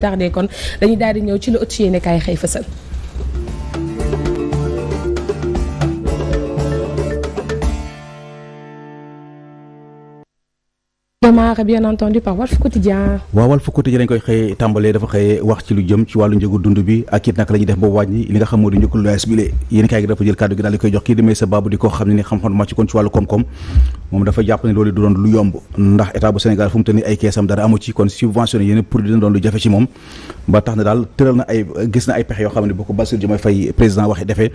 tardé kon dañuy daal di ñëw ci lu ëtt yéene kaay xëy fësal démarre bien entendu par Walf Quotidien. waaw Walf Quotidien dañ koy xëy tàmbalee dafa xëy wax ci lu jëm ci wàllu njëgu dund bi ak it naka la ñuy def ba wàññi li nga xam moo di njëkk lu lees bi kii demee ko xam ne moom dafa jàpp ne loolu doon lu yomb ndax état bu Sénégal fu mu toll ay keesam dara amu ci kon subventionné yenn produit dina doon lu jafe ci moom ba tax na daal tëral na ay gis na ay pexe yoo xam ne boo ko Bassirou Diomaye Faye président waxee defee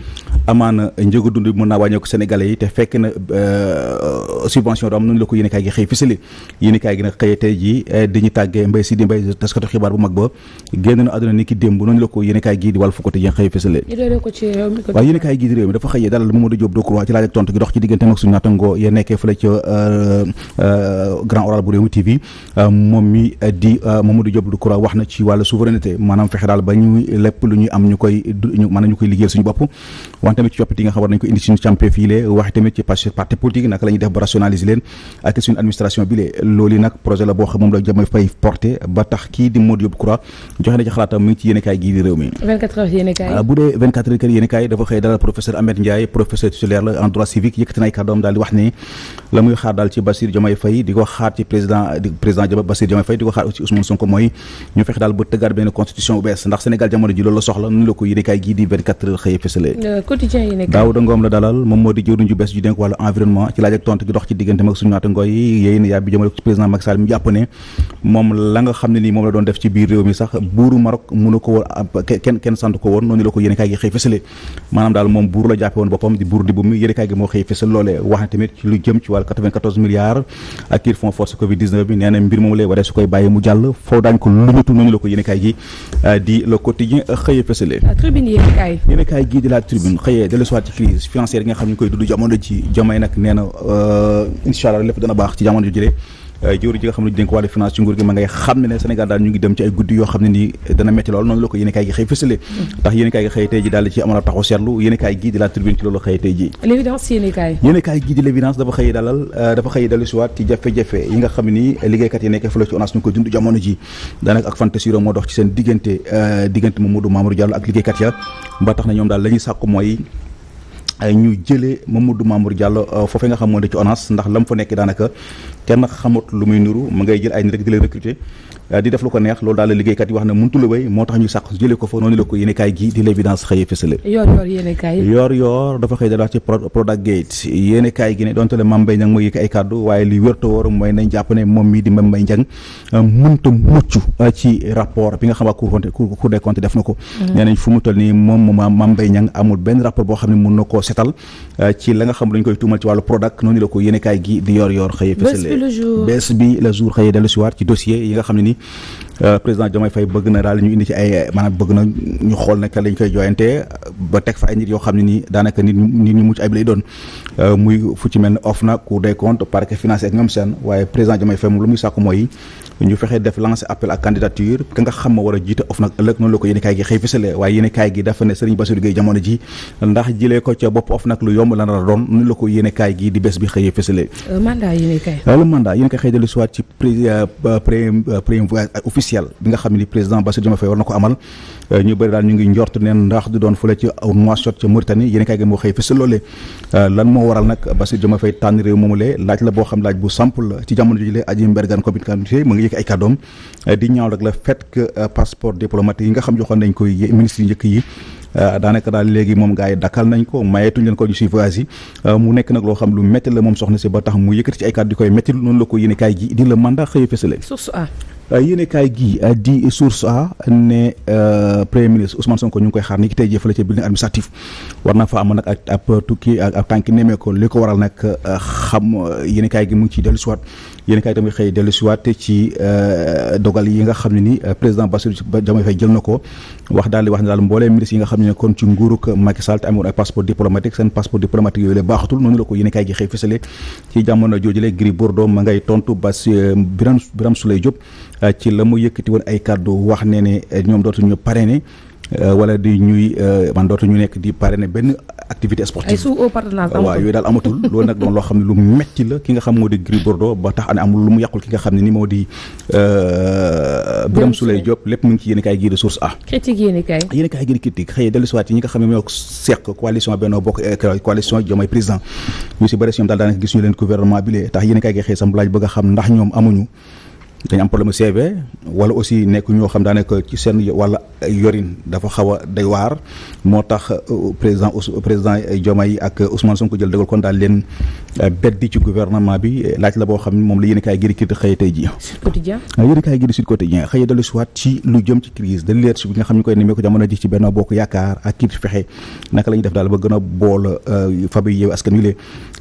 amaana njëgu dund bi mën naa wàññeeku Sénégalais yi te fekk na euh, subvention do am nañu la ko yéen kaay gi yéenekaay gi nag xëye tey eh, ba génn na àdduna ni euh, dalal euh, euh, moom mi di Mamadou Diop Decroix wax na ci wàllu souveraineté maanaam fexe daal ba ñuy lépp lu ñuy am ñu koy maanaam ñu koy liggéeyal suñu bopp wante tamit ci coppite nga xam nañu ko indi suñu campé bi lee loolu nag projet la boo xam moom la Diomaye Faye porté ba tax kii di Modou Diop Croix joxe na ci xalaatam mi ci yéenekaay gii di réew mi. bu dee 24 heures dafa xëy dalal professeur Ahmed Ndiaye professeur titulaire la en droit yëkkati na ay kàddoom daal di wax ni la muy xaar daal ci Bassirou Diomaye Faye di ko xaar ci président di président Bassirou di ko xaar aussi Ousmane Sonko mooy ñu fexe daal ba tëggaat benn constitution bu bees ndax Sénégal jamono ji président milliards ak kiir fond force covid 19 bi nee mbir moomu lay waree su koy bàyyi mu jàll foo daañ ko luñutu noonu la ko yéene kaay euh, di la tribune xëyee dellu nga xam ne koy dudd jamono ji jamay nag nee na euh, incha allah dana baax ci jamono ji jëwri ji nga xam ne dénk wàllu finance ci nguur gi ma ngay xam ne ne Sénégal daal ñu ngi dem ci ay guddi yoo xam ne nii dana metti lool noonu la ko yéen gi xëy fësale ndax yéen gi di la tribune dafa xëy dalal dafa xëy dalu siwaat ci jafe-jafe yi nga xam ni liggéeykat yi nekk fële ci ONAS ñu ko dund jamono ji daanaka ak fantasiro moo dox ci seen diggante diggante Mamadou Mamour Diallo ak liggéeykat ya ba tax na ñoom ñu jëlee Mamadou Mamour Diallo euh, foofee nga xam moo ne ci ONAS ndax lam fa nekk daanaka kenn xamut lu muy nuru mu ngay jël ay nit rek di leen recruter euh, di def lu ko neex loolu daal la liggéeykat yi wax ne mëntu la béy moo tax ñu sàq yoor yoor dafa xëy dal wax ci Prodac Gate yéenekaay gi ne donte le Mame Mbaye Niang mooy yëkk ay waaye li wér te mooy nañ jàpp moom mii di Mame Mbaye Niang euh, mënta mucc ci rapport bi nga xam waa Cour des comptes def na ko mm-hmm. nee nañ fu mu toll nii moom setal euh, ci la nga xam dañ koy tuumal ci wàllu Prodac noonu la ko yéenekaay gi di yor yor xëye fësale bi le jour xëye dellu si ci dossier yi nga xam ne ni euh, président Diomaye Faye bëgg na daal ñu indi ci ay maanaam bëgg na ñu xool naka lañ koy jooyante ba teg fa ay nit yoo xam ne nii daanaka nit nit ñu mucc ay bi lay doon euh, muy fu ci mel ne OFNAC Cour des comptes parquet financier ak ñoom seen waaye président Diomaye Faye moom lu muy sàkku mooy ñu fexe def lancé appel à candidature ka nga xam ma war a jiite of nag ëllëg noonu la ko yéen gi xëy fësale waaye yéen kaay gi dafa ne Serigne Bassirou Gueye jamono ji ndax jilee ko ko yéen kaay premier voyage bi nga xam ne président Bassirou Diomaye Faye war na ko amal euh, ñu bëri daal ñu ngi njort ne ndax du doon fële ci Nouakchott ca Mauritanie yéen kaay gi moo xëy fësal euh, lan moo waral nag Bassirou Diomaye Faye tànn réew moomulee laaj la boo xam laaj bu sample yëg ay kàddoom eh, di ñaaw rek la fait eh, passeport diplomatique yi nga xam joxoon nañ koy ministre yi njëkk yi eh, daanaka daal léegi moom gars yi dakkal nañ ko mayeetuñ leen ko ñu suñu voyage yi mu nekk nag loo xam lu métti la moom soxna si ba tax mu yëkkati ci ay kàddu di koy métti noonu la ko yéene gi di la source a ne premier ministre Ousmane Sonko ñu ngi koy xaar ni ki tey jii fële ca building administratif war na fa am nag ab tukki ak tànki nemee ko li ko waral nag xam euh, yéen kaay gi mu ngi ciy dellu siwaat yéen kaay tamit xëy dellu siwaat ci euh, dogal yi nga xam ne ni euh, président ba Diomaye Faye jël na ko wax daal di wax ne daal mbooleem ministre yi nga xam ne kon ci nguurug Macky Sall te amoon ay passeport diplomatique seen passeport diplomatique yooyu la baaxatul noonu la ko yéen kaay gi xëy fësale ci jamono joojule Gris Bordeaux ma ngay tontu Bass Birame Birame Souleye Diop ci la mu yëkkati woon ay kàddu wax nee ne ñoom dootuñu parrainé Euh, wala di ñuy euh, man dootu ñu nekk di parrainer benn activité sportive. ay amatul waaw yooyu daal amatul. loolu nag doon loo xam ne lu metti la ki nga xam moo di Gris Bordeaux ba tax ne lu mu yàqul ki nga xam ne ni moo di. Euh, Birame Souleye Diop lépp mu ngi ci yéen kaay gii de source A. critique yéen kaay. yéen kaay gii de xam ne ñoo seq coalition Benno Bokk coalition Diomaye président ñu si bëri ñoom daal daanaka gis ñu leen gouvernement bi lee tax yéen kaay gi xëy sam laaj bëgg a xam ndax ñoom amuñu dañu am problème CV wala aussi nekk ñoo xam daanaka ci seen wala yorin dafa xaw a day waar moo tax euh, président président Diomaye ak Ousmane Sonko jël dëggal kon daal leen euh, beddi ci gouvernement bi laaj la boo xam ne moom la yéen kaay gi di kii xëy tey ji yéen kaay gi di Sud Quotidien xëy dellu ci lu jëm ci crise de leadership bi nga xam ne koy nemee ko jamono ji ci Benno Bokk Yaakaar ak kii fexe naka la ñuy def daal ba gën a bool euh, fabi yeewu askan wi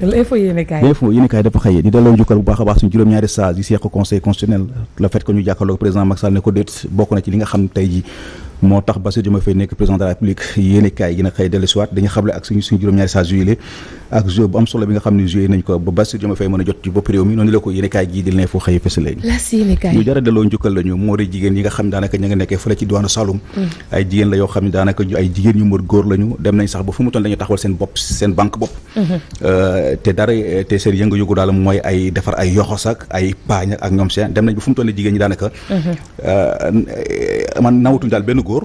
l'info yéen kaay dafa xëyee di delloo njukkal bu baax a baax suñu juróom-ñaari sages yi seeq conseil constitutionnel le fait que ñu jàkkaarloo président Macky ne ko déet bokk na ci li nga xam tey ji moo tax Bassirou Diomaye Faye nekk président de la République yéene kaay yi nag dellu siwaat dañu xamle ak suñu suñu juróom-ñaari saa juillet ak jeu bu am solo bi nga xam ne a jot ci bopp ko yéene kaay gii di leen foo xëy fësale jara delloo njukkal lañu moo di jigéen yi nga xam ne daanaka ñu nga nekkee fële ci diwaanu Saloum mm. ay jigéen la yoo xam ne daanaka ay jigéen ñu mër góor lañu dem nañ sax ba fu mu toll dañu taxawal seen bopp seen banque bopp mm-hmm. euh, te dara góor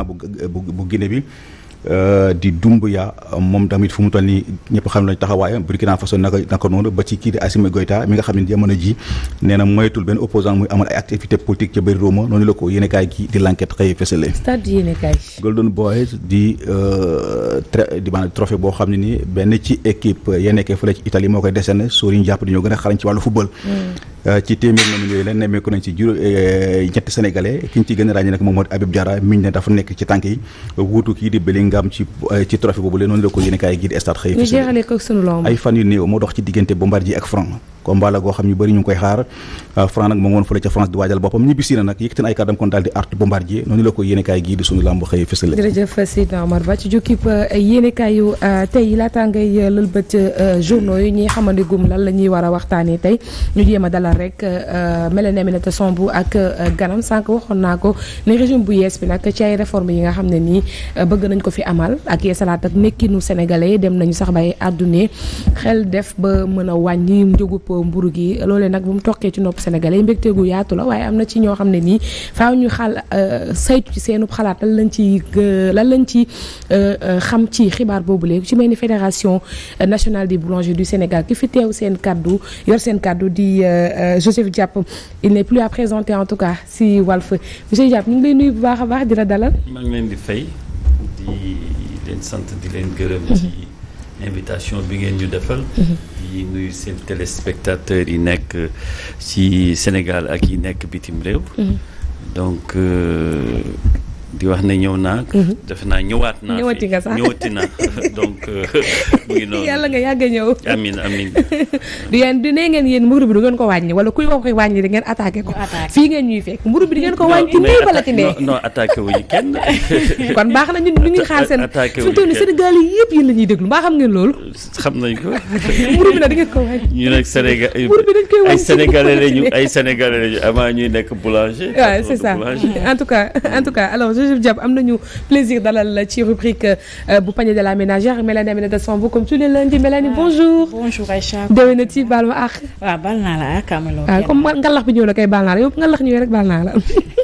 président bu bu Guinée bi euh, di Doumbouya moom tamit fu mu toll nii ñëpp xam nañ taxawaayam Burkina Faso naka naka noonu ba ci kii di Assimi Goïta mi nga xam ne jamono ji nee na benn opposant muy amal ay activité politique ca biir ko yéen a kaay gi di l'enquête Golden Boys di euh, très di trophée boo xam ne nii benn ci équipe ya nekkee fële ci Italie moo koy décerné Sorin jàpp ñoo gën a xarañ ci wàllu football mm. Euh, ci téeméer noonu yooyu la nemmeeku nañ ci juróom euh, ñetti sénégalais ki ñu ci gën a ràññee nag moom mooy Habib Diarra miñ ne dafa nekk ci tànk yi wuutu kii di Bellingham ci euh, ci boobu la noonu la ko yéene kaay gii di stade xëy ay fan yu néew moo dox ci diggante Bombardier ak Franc combat la goo xam ñu bëri ñu ngi koy xaar euh, France di waajal boppam ñibbi nag yëkkati na ay kàddam kon daal di bombardier noonu la ko yéenekaay gii di sunu làmb xëy fësale jërëjëf Seydina Omar Ba ci jukkib euh, yéenekaayu euh, tey laataa ngay lëlbët journaux yi ñuy xamandi gum lan la ñuy war a a dem nañu sax bay àddune xel def ba mën a wàññi njëgub mburu gi loolee nag bu mu tokkee ci nopp sénégalais yi mbégte gu yaatu la waaye am na ci ñoo xam ne nii faaw ñu xal euh, saytu ci seenu xalaat lan lañ ci euh, lan lañ ci euh, xam ci xibaar boobu léegi ci mel ni fédération nationale des boulangers du Sénégal ki fi teew seen kaddu yor seen kaddu di Joseph Diap il n'est plus à présenter en tout cas si wal monsieur Diap jàpp ngi lay nuyu bu baax a baax di la dalal. maa leen di fay di leen sant di leen gërëm. ci mhm. invitation bi ngeen yi nuyu seen téléspectateurs yi nekk ci Sénégal ak yi nekk bitim réew mm-hmm. donc euh, di wax ne ñëw naa. Mhm. defe naa ñëwaat naa fi ñëwati nga sax ñëwati naa donc euh, mu ngi noonu. yàlla nga yàgg a ñëw. amiin amiin. du yéen du ne ngeen yéen mburu bi du ngeen ko wàññi wala kuy wax koy wàññi di ngeen attaqué ko. fii ngeen ñuy fekk mburu bi di ngeen ko wàññi. ci nii wala ci nee non attaqué wuñu kenn. kon baax na ñun ñu ngi xaar seen. attaqué wuñu kenn Sénégal yi yëpp yéen la ñuy déglu mbaa xam ngeen loolu. xam nañ ko. mburu bi nag di ngeen ko wàññi. ñu nekk Sénégal mburu bi dañ koy wàññi ay sénégalais lañu ay sénégalais lañu avant ñuy nekk boulanger. waaw c'est ça en tout cas en tout cas alors Joseph Diab am nañu plaisir dalal ci rubrique euh, bu panier de la ménagère Mélanie Aminata Sambou comme tous les lundis Mélanie ah, bonjour. bonjour Aïcha. déwénati baal ma àq. waaw ah, baal naa la àq ah, amaloo. comme ngalax bi ñëw la kay baal naa la yow ngalax ñëwee rek baal naa la.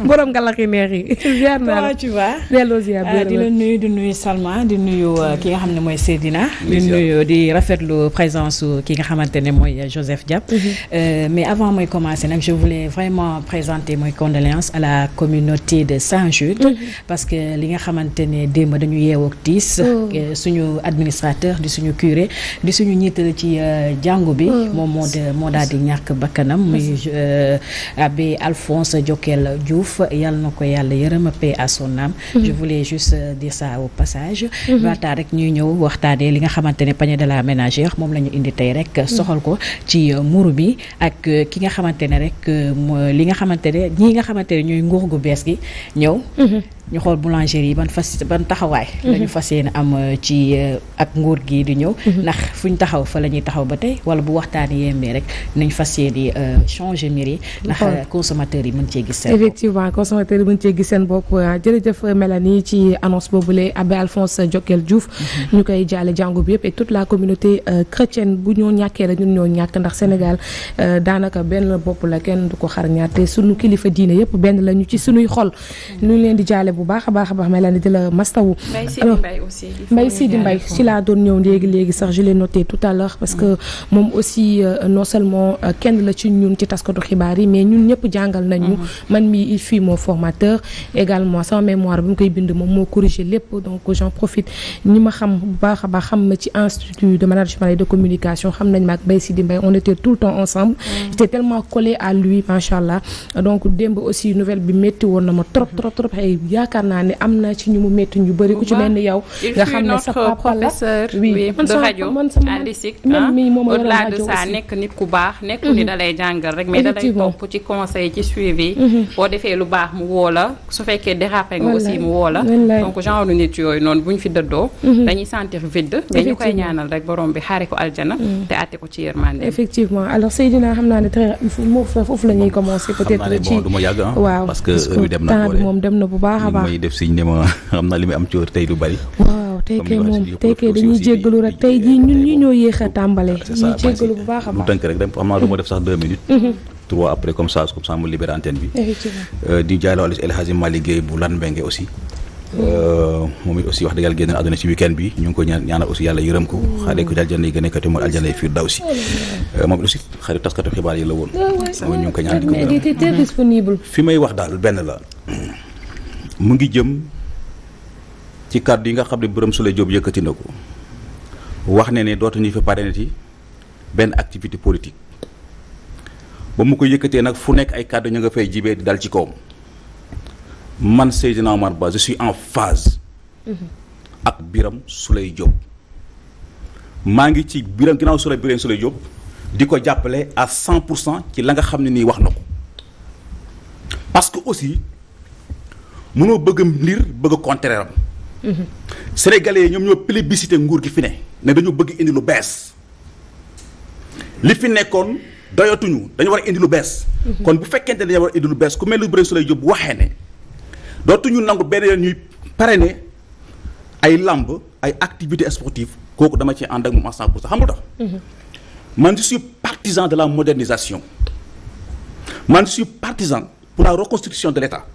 borom galaxi neex yi ziar naa la tu euh, di la nuyu di nuyu Salma di nuyu euh, ki nga xam ne mooy Seydina di nuyu di rafetlu présence ki nga xamante ne mooy Joseph Diap mhm. euh, mais avant mooy commencer nag je voulais vraiment présenter mooy condoléances à la communauté de Saint-Jude mhm. parce que li nga xamante ne démb dañu yeewoo ak tiis oh. suñu administrateur di suñu curé di suñu ñiital ci jàngu bi oh. moom moo moo daal di ñàkk bakkanam muy abbé Alphonse Diokel Diouf Diouf yàlla na ko yàlla yërëm a paix à son âme mhm. je voulais juste euh, dire ça au passage laata mhm. rek ñuy ñëw waxtaanee li nga xamante ne panier de la ménagère moom la ñu indi tey rek mhm. soxal ko ci euh, muru bi ak euh, ki nga xamante ne rek li nga xamante ne ñii nga xamante ne ñooy nguur gu bees gi ñëw ñu xool boulangerie yi ban fas ban taxawaay la ñu fas am ci ak nguur gi di ñëw ndax fuñ taxaw fa la ñuy taxaw ba tey wala bu waxtaan yembee rek nañ fas yéene changer mbir yi ndax consommateurs yi mën cee gis seen souvent consommateur yi mën cee gis seen bopp ah, jërëjëf Mélanie ci annonce boobule Abbé Alphonse Diokel Diouf mhm. ñu koy jaale jàngu bi yëpp et toute la communauté euh, chrétienne bu ñoo ñàkkee rek ñun ñoo ñàkk ndax Sénégal euh, daanaka benn bopp la kenn du ko xar ñaar te sunu kilifa diine yëpp benn la ñu ci suñuy xol nu mhm. leen di jaale bu baax a baax a baax Mélanie di la mastawu Mbaye Sidi Mbaye si laa doon ñëw léegi léegi sax je l'ai noté tout à parce que mhm. moom aussi euh, non seulement kenn la ci ñun ci taskatu xibaar yi mais ñun ñëpp jàngal nañu fut mon formateur également sama mémoire bi mu koy bind moom moo corrigé lépp donc j'en profite ñi ma xam baax a baax xam ma ci institut de management et ma ak Mbaye Sidi bi métti woon na ma trop trop trop ay yaakaar naa ne am na ci ñu mu métti ñu bëri ku ci mel ni yow nga xam ne sa papa la oui man sama man sama même ah. mi moom la rajo nekk nit ku baax nekkul ni mhm. da lay jàngal rek mais da topp ci conseil ci suivi mhm. boo defee fekkee lu baax mu woo la su fekkee dérapé nga aussi mu woo donc genre nit yooyu noonu bu fi dëddoo mhm. dañuy sentir vide mais koy ñaanal rek borom bi xaare ko aljana mhm. te àtte ko ci yërmande effectivement alors Seydina xam naa ne très foofu la commencer peut-être ci du yàgg waaw a xam naa li muy am ci tey du bari tey kay moom tey dañuy jéggalu rek tey ñun ñi ñoo yéex a ñuy jéggalu bu baax a baax trois après comme ça comme ça mu libéré antenne bi. Euh, di jaay loo El Hadji Malick Guèye bu lan Mbengue aussi. Euh, moom it aussi wax dëgg yàlla génn àdduna ci weekend bi ñu ngi ko ñaanal aussi yàlla yërëm ko xaaree ko ci aljanna yi gën a kati mooy aljanna yi fiir daw si euh, moom it aussi xarit taskatu xibaar yi la woon ah moom ñu ngi ko ñaan di ko gërëm fi may wax daal benn la mu ngi jëm ci kàddu yi nga xam ne Birame Souleye Diop yëkkati na ko wax ne ne dootuñu fi pare neti benn activité politique ba mu ko yëkkatee nag fu nekk ay kàddu ñu nga fay jibee di dal ci kawam man Seydina Omar Ba je en phase. Mm-hmm. ak Biram Souley Diop. maa ngi ci Biram ginnaaw Souley Biram Souley Diop di ko jàppale à cent pour cent ci la nga xam ne nii wax na ko parce que aussi mënoo bëgg ndir bëgg a contraire am. Mm-hmm. Sénégalais yi ñoom ñoo plébiscité nguur gi fi ne ne dañu bëgg indi lu bees li fi nekkoon. doyatuñu dañu war a indi lu bees. Mhm. kon bu fekkente ne dañu war a indi lu bees ku mel ni Birame Souleye Diop bu waxee ne dootuñu nangu benn yoon ñuy parrainer ay làmb ay activités sportives kooku dama ci ànd ak moom à sa pour cent xam nga tax. Mhm. man je suis partisan de la modernisation man je suis partisan pour la reconstruction de l' état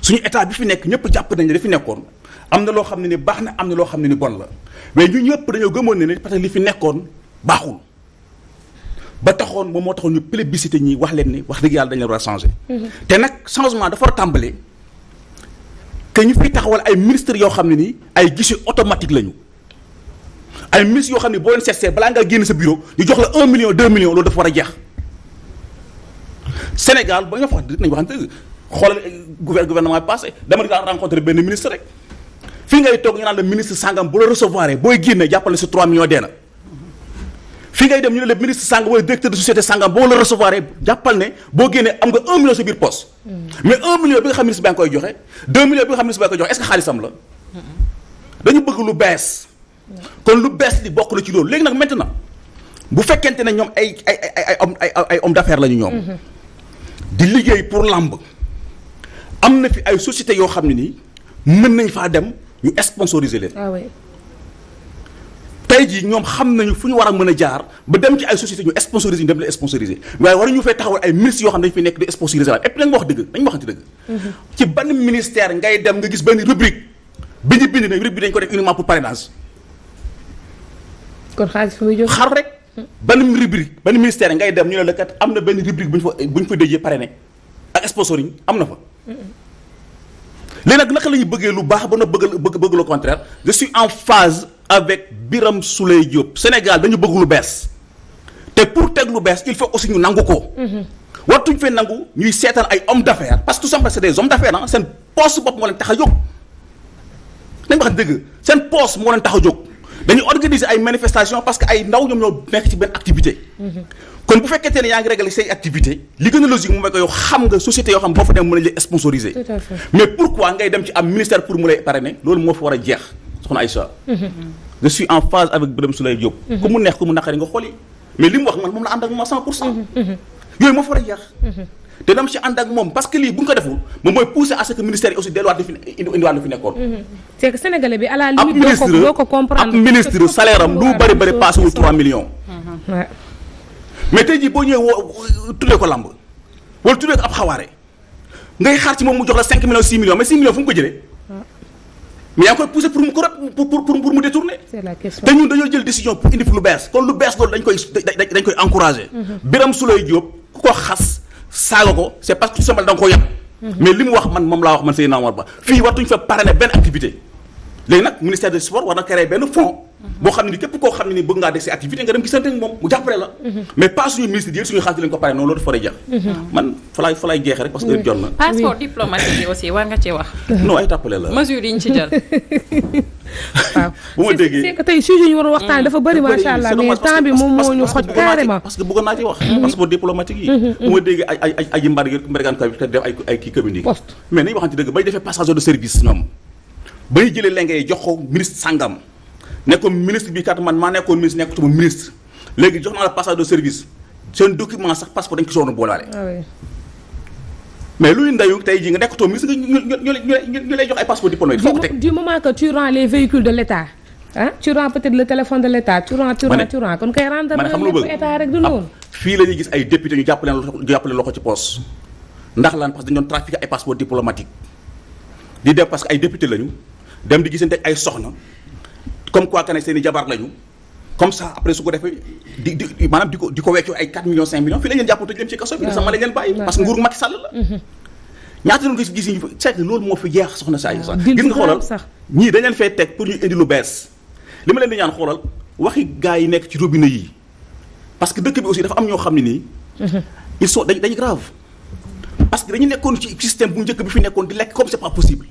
suñu état bi fi nekk ñëpp jàpp nañu ne dafi nekkoon am na loo xam ne ni baax na am na loo xam ne ni bon la mais ñu ñëpp dañoo gëmoon ne parce que li fi nekkoon baaxul. ba taxoon moom moo taxoon ñu plébiscité ñi wax leen ni wax dëgg yàlla dañ la war a changé. Mm-hmm. te nag changement dafa war a tàmbalee que ñu fiy taxawal ay ministres yoo xam ne nii ay guichet automatique lañu ay ministres yoo xam ne boo leen seet seet balaa ngaa génn sa bureau ñu jox la un million deux millions loolu dafa war a jeex Sénégal ba nga fa nañu waxante xoolal euh, gouvernement passé dama di laa rencontré benn ministre rek fii ngay toog ñu naan la ministre sangam bu la recevoir booy génne jàppale si 3 millions dee fi ngay dem ñu ne le ministre sàng wala directeur de société sàngam boo la recevoir jàppal ne boo génnee am nga 1 million sa biir poste. Hmm. mais 1 million bi nga xam ministre baa ngi koy joxe 2 million bi nga xam ministre baa ngi koy joxe est-ce que xaalisam la. Hmm. dañu bëgg lu bees. Hmm. kon lu bees li bokk na ci loolu léegi nag maintenant bu fekkente ne ñoom ay ay ay ay ay homme d'affaires lañu ñoom. di liggéey pour làmb am na fi ay sociétés yoo xam ne nii mën nañ faa dem ñu sponsoriser leen. Ah tey jii ñoom xam nañu fu ñu war a mën a jaar ba dem ci ay société ñu sponsoriser ñu dem la sponsoriser waaye waru ñu fay taxawal ay ministres yoo xam ne fi nekk di sponsoriser waat et puis nañ wax dëgg nañ waxante dëgg mm-hmm. ci ban ministère ngay dem nga gis benn rubrique bi ñu bind ne rubrique ko def uniquement pour parrainage kon xaalis fu muy rek mm-hmm. ban rubrique ban ministère ngay dem ñu ne la am na benn rubrique bu ñu fa bu ñu fa déjee parrainé ak sponsoring am na fa mm-hmm. léegi nag naka la ñuy bëggee lu baax ba na bëgg bëgg le contraire je avec Biram Souley Diop Sénégal dañu bëgg lu bees te pour teg lu bees il faut aussi ñu nangu ko. Mhm. wartuñ fee nangu ñuy seetaan ay hommes d'affaires parce que tout simplement c'est des hommes d'affaires moo a jóg. dëgg seen poste moo leen tax a jóg dañuy organiser ay manifestations parce que ay ndaw ñoom ñoo nekk ci benn activité. Mhm. kon bu fekkente ne yaa ngi régler say activité li gën a logique moom mooy yow xam nga société yoo xam boo fa dem mën nañ la sponsoriser. mais pourquoi ngay dem ci am ministère loolu moo fa a jeex. soxna Aïssa mhm. je suis en phase avec Birame Souleye Diop mhm. ku mu neex ku mu naqari nga xooli mais li mu wax man moom la ànd mhm. a ab ministre salaire am lu bari bari paase wul millions. mais tey jii boo ñëwee woo ko lamb wala tuddee ko ab xawaare ngay xaar ci moom mu jox la 5 millions 6 millions mais 6 millions fu mu ko jëlee. mais yaa ngi koy poussé pour mu ko pour pour pour mu détourner. te ñun dañoo jël décision indi fi lu bees kon lu bees loolu dañ koy dañ koy encouragé. Mm-hmm. Birame Souleye Diop ku ko xas saaga ko c'est parce que tout simplement da nga ko yàq. Mm-hmm. mais li mu wax man moom laa wax man Seydina Omar Ba fii wartuñu fa na benn activité léegi nag ministère du sport war na créer benn fonds. boo xam ne ni képp koo xam ne ni bëgg ngaa def activité nga dem gisante ak moom mu jàppale la mais pas suñu ministre di yël suñu xaalis di leen ko pare noonu loolu dafa lay jeex man fa laay fa laay jeexe rek parce jot na wax non a waxtaan dafa bëri hmm. macha allah mais temps bi moom moo ñu ci dëgg bay defee passage de service ñoom bay jëlee lenge jox ko ministre sàngam nekkoon ministre bi kat man maa nekkoon ministre nekkatuma ministre léegi jox naa la passage de service seen document sax passeport dañ ko soxna boolaale. Ah mais luy ndayu tey jii nga nekkatoo ministre nga ñu ñu ñu lay jox ay passeport diplômé. foo ko teg du moment que tu rends les véhicules de l'État ah tu rends peut-être le téléphone de l'État tu rends tu rends tu rends kon kay rendre lépp état rek du loolu fii la ñuy gis ay député ñu jàppale jàppale loxo ci poos ndax lan parce que dañu doon trafiquer ay passeport diplomatique di def parce que ay député lañu dem di gisante ay soxna comme quoi que ne seen i jabar lañu comme ça après su ko defee di di maanaam di ko di ko weccoo ay 4 millions 5 millions fii la mhm. ñu leen jàpp jeex soxna saa yi sax. gis nga xoolal ñii dañ leen fay teg pour ñu indi lu bees. li ma leen di ñaan xoolal waxi gars yi nekk ci robinet yi parce que dëkk bi aussi dafa am ñoo xam ne nii. Mhm. ils sont dañ dañ grave. parce que dañu nekkoon ci système bu njëkk bi fi nekkoon di lekk comme c'est pas possible.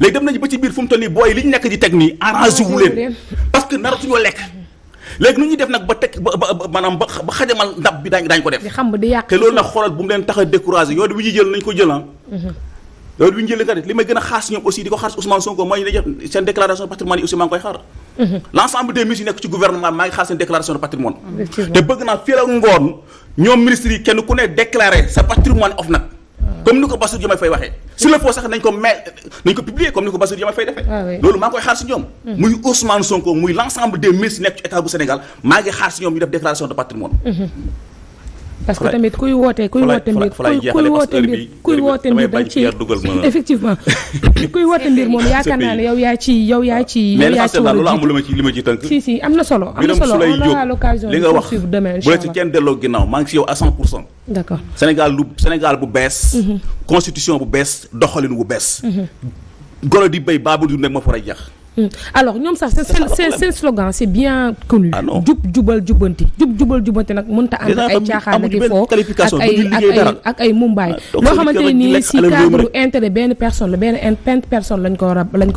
léegi dem nañu ba ci biir fu mu nii booy li ñu nekk di teg nii arrangé wu leen. parce que naratuñoo lekk. léegi nu ko def. di di wi jël nañu ko ah. li may gën a xaas ñoom aussi di ko xaar si Ousmane Sonko mooy seen déclaration de patrimoine aussi maa ngi koy xaar. l' ensemble des ministres nekk ci gouvernement maa ngi xaar seen déclaration de patrimoine. comme ni ko Bassirou Diomaye Faye waxee sur le fond sax nañ ko mais nañ ko publier comme ni ko Bassirou Diomaye Faye defee ah loolu maa koy xaar si ñoom hmm. muy Ousmane Sonko muy l'ensemble des ministres nekk ci état bu Sénégal maa ngi xaar si ñoom ñu def déclaration de patrimoine hmm. parce que tamit kuy wootee kuy woote mbir kuy woote mbir kuy woote mbir dañ ci effectivement kuy woote mbir moom yaakaar naa ne yaa ci yow yaa ci yow yaa ci war a am ci li am na solo am na solo on aura l'occasion li nga wax bu la ci kenn delloo ginnaaw maa ngi si Sénégal lu Sénégal bu bees mhm. constitution bu bees doxalin bu bees mhm. golo di béy baabul du nekk ma fa war Hmm. alors ñoom sax seen slogan c'est bien connu. Ah jub jubal jubanti jub jubal jubanti nag mënut a ay caaxaan ak i ak ay mumbaay. Ah, loo xamante ni si cadre intérêt benn personne la benn benn personne lañ ko war a lañ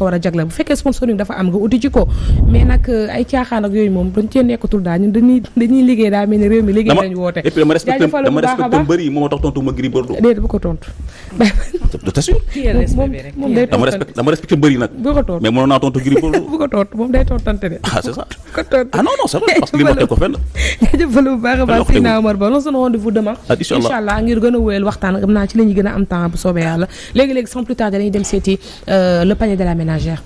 bu fekkee sponsoring dafa am nga uti ci ko mais nag euh, ay caaxaan yooyu moom dañ cee nekkatul daal dañuy liggéey daa mel réew mi liggéey lañu woote. dama respecté dama respecté mbër tax tontu ma Gris ko tontu. de moom naa tontu Gris Bordeaux bu moom day tontante de. ah c'est ça ko tontu ah non non c'est vrai parce que li ma teg ko fenn. jaajëfal bu baax a baax Seydina Omar Ba loolu sunu rendez-vous demain. Ah, incha allah ngir gën a wéyal waxtaan am naa ci la ñuy gën a am temps bu soobee yàlla léegi-léegi sans plus tarder dañuy dem seeti euh, le panier de la ménagère